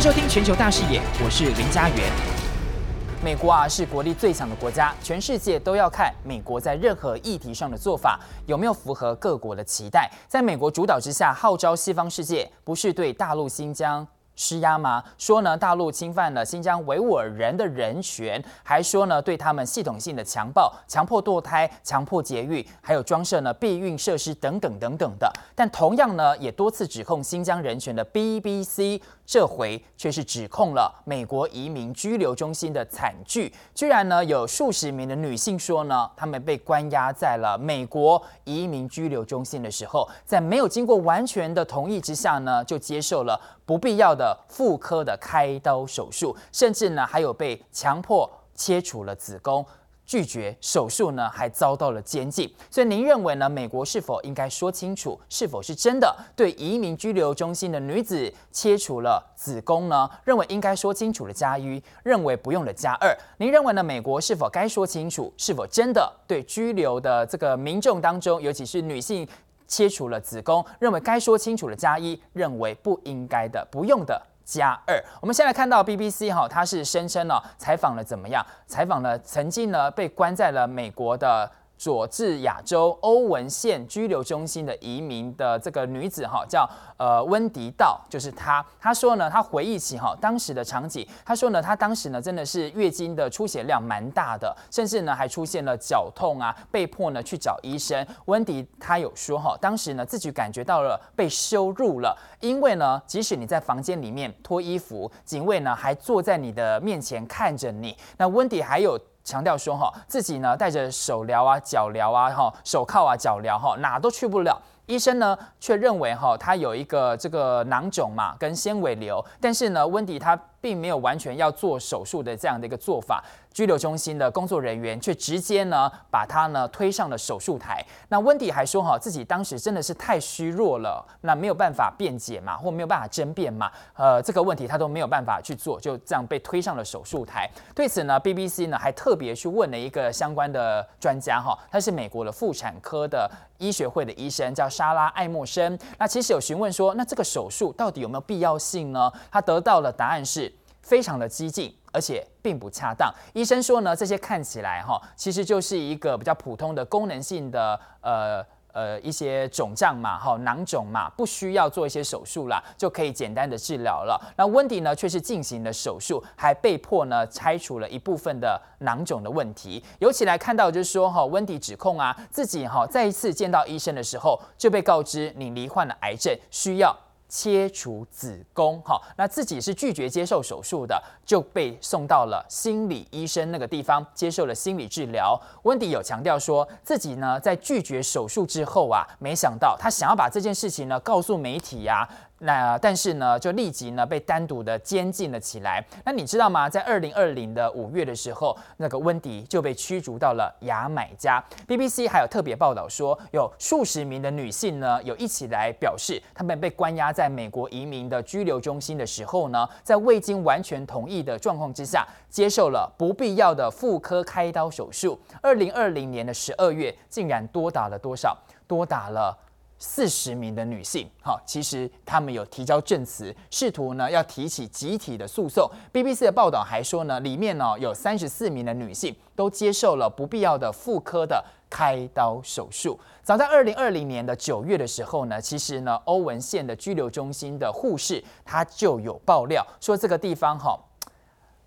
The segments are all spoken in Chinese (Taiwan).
收聽全球大視野，我是林嘉源。美國啊是國力最強的國家，全世界都要看美國在任何議題上的做法有沒有符合各國的期待。在美國主導之下，號召西方世界不是對大陸新疆施壓嗎？說呢，大陸侵犯了新疆維吾爾人的人權，還說呢對他們系統性的強暴、強迫墮胎、強迫絕育，還有裝設呢避孕設施等等等等的。但同樣呢，也多次指控新疆人權的 BBC。這回卻是指控了美國移民拘留中心的慘劇，居然呢，有數十名的女性說呢，她們被關押在了美國移民拘留中心的時候，在沒有經過完全的同意之下呢，就接受了不必要的婦科的開刀手術，甚至呢，還有被強迫切除了子宮。拒絕手術呢，還遭到了監禁。所以您認為呢，美國是否應該說清楚，是否是真的對移民拘留中心的女子切除了子宮呢？認為應該說清楚的加一，認為不用的加二。您認為呢，美國是否該說清楚，是否真的對拘留的這個民眾當中，尤其是女性切除了子宮？認為該說清楚的加一，認為不應該的不用的。加二，我們現在看到 BBC 哈、哦，他是聲稱呢採訪了怎麼樣？採訪了曾經呢被關在了美國的佐治亞州歐文縣拘留中心的移民的這個女子哈，叫呃溫迪道，就是她。她說呢，她回憶起哈當時的場景。她說呢，她當時呢真的是月經的出血量蠻大的，甚至呢還出現了絞痛啊，被迫呢去找醫生。溫迪她有說哈，當時呢自己感覺到了被羞辱了，因為呢即使你在房間裡面脫衣服，警衛呢還坐在你的面前看着你。那溫迪還有。強調說哈，自己呢戴著手鐐啊，腳鐐啊，哈手銬啊、腳鐐哈，哪都去不了。醫生呢卻認為哈，他有一個這個囊腫嘛，跟纖維瘤，但是呢，溫迪他並沒有完全要做手術的這樣的一個做法。拘留中心的工作人員卻直接呢把她呢推上了手術台。那溫迪還說哈自己當時真的是太虛弱了，那沒有辦法辯解嘛，或沒有辦法爭辯嘛，呃這個問題她都沒有辦法去做，就這樣被推上了手術台。對此呢，BBC 呢還特別去問了一個相關的專家哈，他是美國的婦產科的醫學會的醫生，叫莎拉艾默生。那其實有詢問說，那這個手術到底有沒有必要性呢？他得到的答案是。非常的激進，而且並不恰當。醫生說呢，這些看起來哈，其實就是一個比較普通的功能性的呃呃一些腫脹嘛，哈囊腫嘛，不需要做一些手術啦，就可以簡單的治療了。那溫迪呢，卻是進行了手術，還被迫呢拆除了一部分的囊腫的問題。尤其來看到就是說哈，溫迪指控啊，自己哈再一次見到醫生的時候，就被告知你罹患了癌症，需要。切除子宮，好，那自己是拒絕接受手術的，就被送到了心理醫生那個地方接受了心理治療。溫迪有強調說自己呢在拒絕手術之後啊，沒想到他想要把這件事情呢告訴媒體呀，啊。那、呃、但是呢，就立即呢被單獨的監禁了起來。那你知道嗎？在二零二零的五月的時候，那個溫迪就被驅逐到了牙買加。BBC 還有特別報道說，有數十名的女性呢，有一起來表示，她們被關押在美國移民的拘留中心的時候呢，在未經完全同意的狀況之下，接受了不必要的婦科開刀手術。二零二零年的十二月，竟然多打了多少？多打了。四十名的女性，哈，其實他們有提交證詞，試圖呢要提起集體的訴訟。BBC 的報道還說呢，裡面呢有三十四名的女性都接受了不必要的婦科的開刀手術。早在二零二零年的九月的時候呢，其實呢，歐文縣的拘留中心的護士她就有爆料說，這個地方哈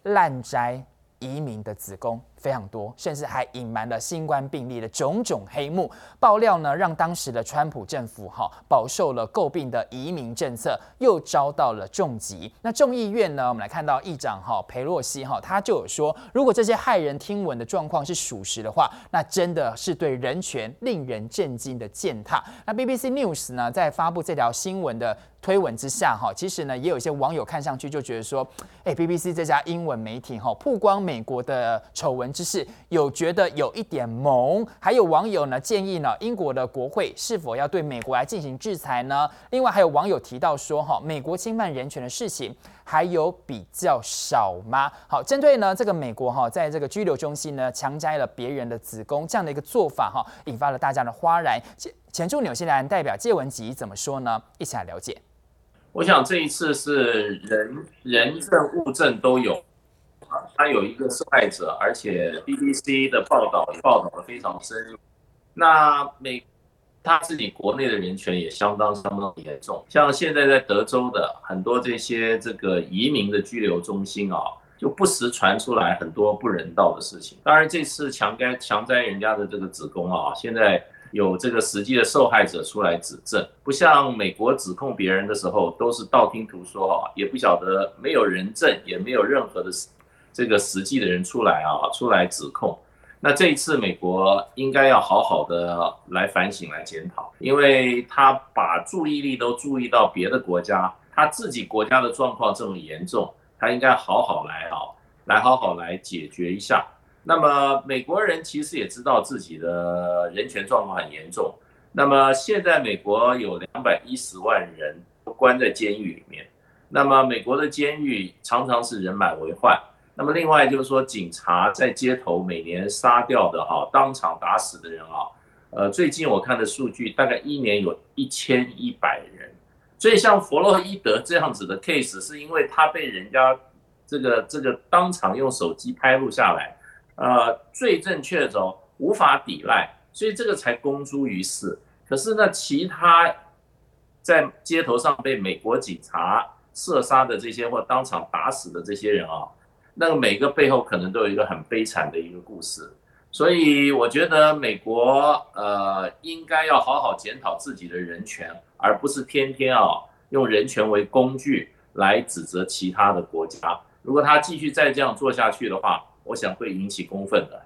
濫摘移民的子宮。非常多，甚至還隱瞞了新冠病例的種種黑幕。爆料呢，讓當時的川普政府哈、喔、飽受了詬病的移民政策又遭到了重擊。那眾議院呢，我們來看到議長哈、喔、裴洛西哈、喔，他就有說，如果這些駭人聽聞的狀況是屬實的話，那真的是對人權令人震驚的踐踏。那 BBC News 呢，在發布這條新聞的推文之下哈、喔，其實呢，也有一些網友看上去就覺得說，誒、欸、BBC 這家英文媒體哈、喔、曝光美國的醜聞。只、嗯、是有覺得有一點萌，還有網友呢建議呢，英國的國會是否要對美國來進行制裁呢？另外還有網友提到說，哈，美國侵犯人權的事情還有比較少嗎？好，針對呢這個美國哈，在這個拘留中心呢強摘了別人的子宮這樣的一個做法哈，引發了大家的譁然。前駐紐西蘭代表介文汲怎麼說呢？一起來了解。我想這一次是人人證物證都有。他有一個受害者，而且 BBC 的報道也報道得非常深入。那美，他自己國內的人權也相當相當嚴重。像現在在德州的很多這些這個移民的拘留中心啊，就不時傳出來很多不人道的事情。當然，這次強摘強摘人家的這個子宮啊，現在有這個實際的受害者出來指證，不像美國指控別人的時候都是道聽途說啊，也不曉得沒有人證，也沒有任何的。這個實際的人出來啊，出來指控。那這一次美國應該要好好的來反省、來檢討，因為他把注意力都注意到別的國家，他自己國家的狀況這麼嚴重，他應該好好來啊，來好好來解決一下。那麼美國人其實也知道自己的人權狀況很嚴重。那麼現在美國有兩百一十萬人都關在監獄裡面，那麼美國的監獄常常是人滿為患。那麼另外就是說，警察在街頭每年殺掉的哈、啊，當場打死的人啊，呃，最近我看的數據大概一年有一千一百人。所以像弗洛伊德這樣子的 case，是因為他被人家這個這個當場用手機拍錄下來，呃，罪證確鑿，無法抵賴，所以這個才公諸於世。可是呢，其他在街頭上被美國警察射殺的這些或當場打死的這些人啊。那個每個背後可能都有一個很悲慘的一個故事，所以我覺得美國呃應該要好好檢討自己的人權，而不是天天啊，用人權為工具來指責其他的國家。如果他繼續再這樣做下去的話，我想會引起公憤的。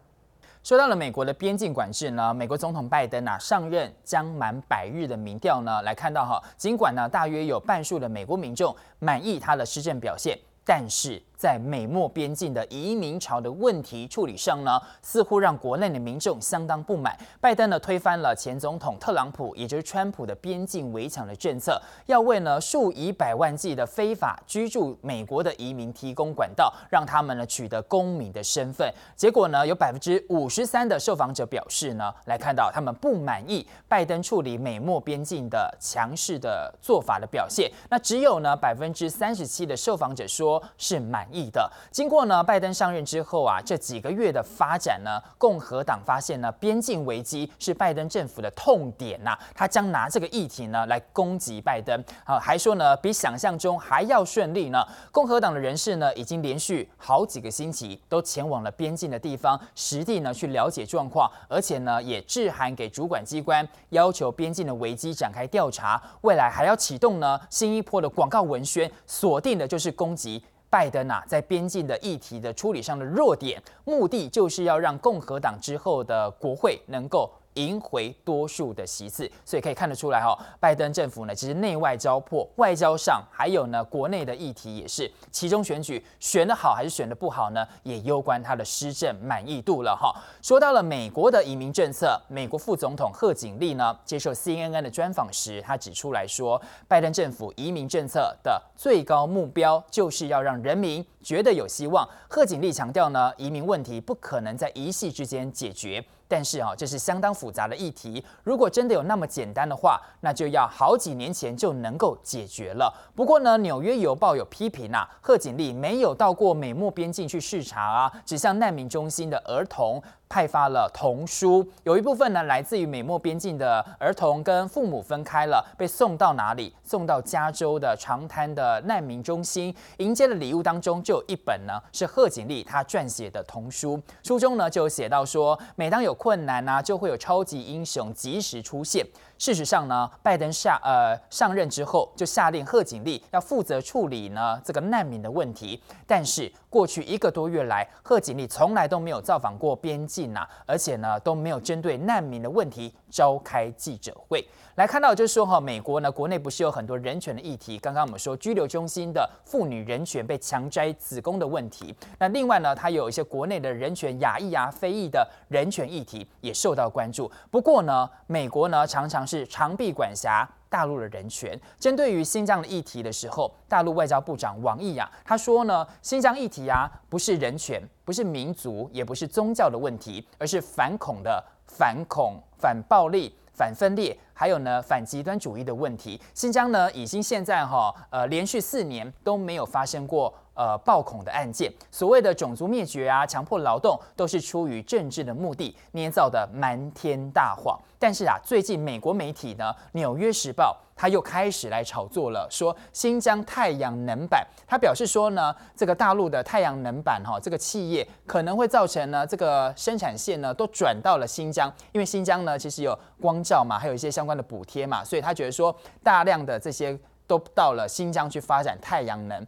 說到了美國的邊境管制呢，美國總統拜登啊上任將滿百日的民調呢來看到哈，儘管呢大約有半數的美國民眾滿意他的施政表現，但是。在美墨邊境的移民潮的問題處理上呢，似乎讓國內的民眾相當不滿。拜登呢推翻了前總統特朗普，也就是川普的邊境圍牆的政策，要為呢數以百萬計的非法居住美國的移民提供管道，讓他們呢取得公民的身份。結果呢，有百分之五十三的受訪者表示呢，來看到他們不滿意拜登處理美墨邊境的強勢的做法的表現。那只有呢百分之三十七的受訪者說是滿。意的，經過呢，拜登上任之後啊，這幾個月的發展呢，共和黨發現呢，邊境危機是拜登政府的痛點吶、啊，他將拿這個議題呢來攻擊拜登啊，還說呢，比想象中還要順利呢。共和黨的人士呢，已經連續好幾個星期都前往了邊境的地方，實地呢去了解狀況，而且呢也致函給主管機關，要求邊境的危機展開調查，未來還要啟動呢新一波的廣告文宣，鎖定的就是攻擊。拜登吶、啊，在邊境的議題的處理上的弱點，目的就是要讓共和黨之後的國會能夠。贏回多數的席次，所以可以看得出來哈、哦，拜登政府呢，其實內外交迫，外交上還有呢國內的議題也是，其中選舉選的好還是選的不好呢，也攸關他的施政滿意度了哈。說到了美國的移民政策，美國副總統賀錦麗呢接受 CNN 的專訪時，她指出來說，拜登政府移民政策的最高目標就是要讓人民覺得有希望。賀錦麗強調呢，移民問題不可能在一夕之間解決。但是啊，這是相當複雜的議題。如果真的有那麼簡單的話，那就要好幾年前就能夠解決了。不過呢，紐約郵報有批評吶、啊，賀錦麗沒有到過美墨邊境去視察啊，只向難民中心的兒童。派發了童書，有一部分呢來自於美墨邊境的兒童跟父母分開了，被送到哪裡？送到加州的長灘的難民中心。迎接的禮物當中就有一本呢是賀錦麗她撰寫的童書。書中呢就寫到說，每當有困難呢，啊，就會有超級英雄及時出現。事實上呢，拜登下呃上任之後就下令賀錦麗要負責處理呢這個難民的問題，但是過去一個多月來，賀錦麗從來都沒有造訪過邊境。而且呢都沒有針對難民的問題召開記者會。來看到就是說哈，美國呢國內不是有很多人權的議題。剛剛我們說拘留中心的婦女人權被強摘子宮的問題，那另外呢，它有一些國內的人權亞裔啊、非裔的人權議題也受到關注。不過呢，美國呢常常是長臂管轄。大陸的人權，針對於新疆的議題的時候，大陸外交部長王毅呀、啊，他說呢，新疆議題啊，不是人權，不是民族，也不是宗教的問題，而是反恐的反恐反暴力，反分裂，還有呢，反極端主義的問題。新疆呢，已經現在哈，呃，連續四年都沒有發生過呃暴恐的案件。所謂的種族滅絕啊，強迫勞動，都是出於政治的目的捏造的瞞天大謊。但是啊，最近美國媒體呢，《紐約時報》。他又開始來炒作了，說新疆太陽能板。他表示說呢，這個大陸的太陽能板哈，這個企業可能會造成呢，這個生產線呢都轉到了新疆，因為新疆呢其實有光照嘛，還有一些相關的補貼嘛，所以他覺得說大量的這些都到了新疆去發展太陽能，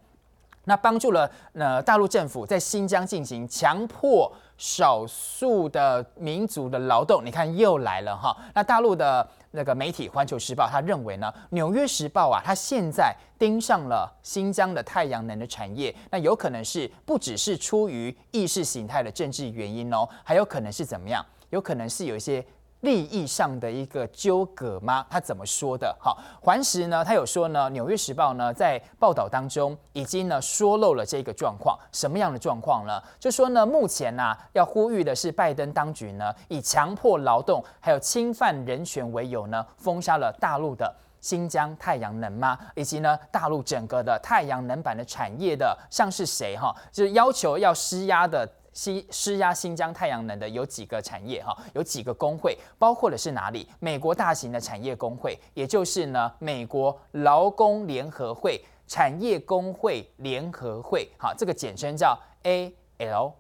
那幫助了呃大陸政府在新疆進行強迫少數的民族的勞動。你看又來了哈，那大陸的。那個媒體《環球時報》他認為呢，《紐約時報》啊，它現在盯上了新疆的太陽能的產業，那有可能是不只是出於意識形態的政治原因哦，還有可能是怎麼樣？有可能是有一些。利益上的一個糾葛嗎？他怎麼說的？好、哦，環時呢，他有說呢，《紐約時報》呢在報道當中已經呢說漏了這個狀況，什麼樣的狀況呢？就說呢，目前呢、啊、要呼籲的是拜登當局呢以強迫勞動還有侵犯人權為由呢封殺了大陸的新疆太陽能嗎？以及呢大陸整個的太陽能板的產業的像是誰哈、哦，就是要求要施壓的。施施壓新疆太陽能的有幾個產業哈，有幾個工會，包括的是哪裡？美國大型的產業工會，也就是呢美國勞工聯合會，產業工會聯合會，哈，這個簡稱叫 A.L。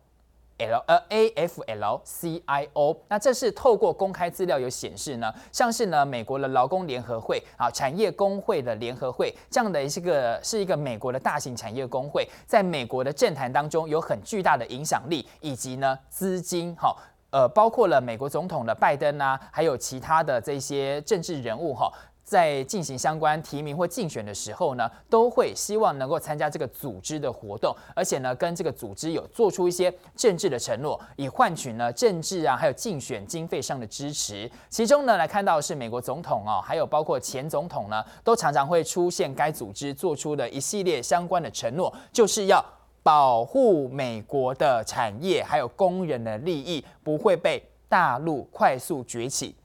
L、uh, AFLCIO，那這是透過公開資料有顯示呢，像是呢美國的勞工聯合會啊，產業工會的聯合會，這樣的一個是一個美國的大型產業工會，在美國的政壇當中有很巨大的影響力以及呢資金哈，呃包括了美國總統的拜登吶、啊，還有其他的這些政治人物哈。在進行相關提名或競選的時候呢，都會希望能夠參加這個組織的活動，而且呢，跟這個組織有做出一些政治的承諾，以換取呢政治啊還有競選經費上的支持。其中呢，來看到是美國總統啊，還有包括前總統呢，都常常會出現該組織做出的一系列相關的承諾，就是要保護美國的產業還有工人的利益，不會被大陸快速崛起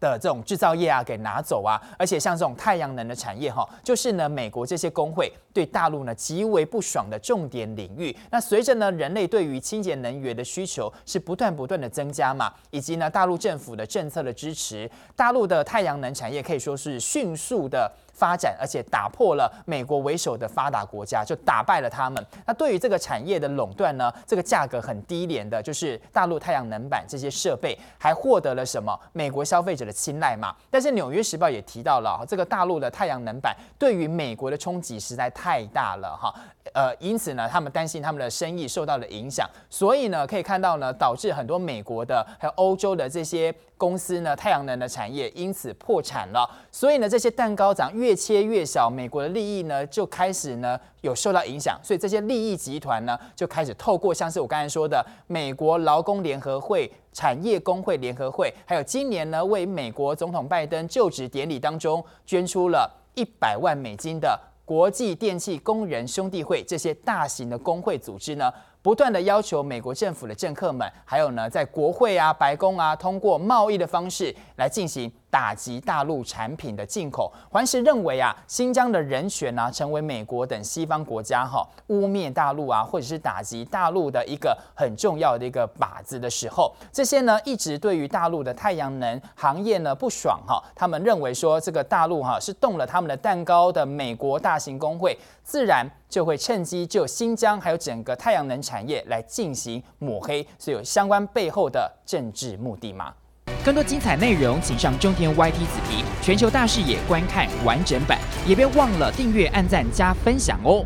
的這種製造業啊，給拿走啊，而且像這種太陽能的產業哈、啊，就是呢，美國這些工會。對大陸呢極為不爽的重點領域。那隨着呢人類對於清潔能源的需求是不斷不斷的增加嘛，以及呢大陸政府的政策的支持，大陸的太陽能產業可以說是迅速的發展，而且打破了美國為首的發達國家，就打敗了他們。那對於這個產業的壟斷呢，這個價格很低廉的，就是大陸太陽能板這些設備，還獲得了什麼美國消費者的青睞嘛？但是紐約時報也提到了，這個大陸的太陽能板對於美國的衝擊實在太。太大了哈，呃，因此呢，他們擔心他們的生意受到了影響，所以呢，可以看到呢，導致很多美國的還有歐洲的這些公司呢，太陽能的產業因此破產了。所以呢，這些蛋糕長越切越小，美國的利益呢就開始呢有受到影響，所以這些利益集團呢就開始透過像是我剛才說的美國勞工聯合會、產業工會聯合會，還有今年呢為美國總統拜登就職典禮當中捐出了一百萬美金的。國際電器工人兄弟會這些大型的工會組織呢，不斷的要求美國政府的政客們，還有呢，在國會啊、白宮啊，通過貿易的方式來進行打擊大陸產品的進口。環時認為啊，新疆的人權呢、啊，成為美國等西方國家哈污蔑大陸啊，或者是打擊大陸的一個很重要的一個靶子的時候，這些呢，一直對於大陸的太陽能行業呢不爽哈、啊。他們認為說，這個大陸哈、啊、是動了他們的蛋糕的，美國大型工會自然。就會趁機就新疆還有整個太陽能產業來進行抹黑，所有相關背後的政治目的嗎？更多精彩內容，請上中天 Y T 子頻道，全球大視野觀看完整版，也別忘了訂閱、按讚加分享哦。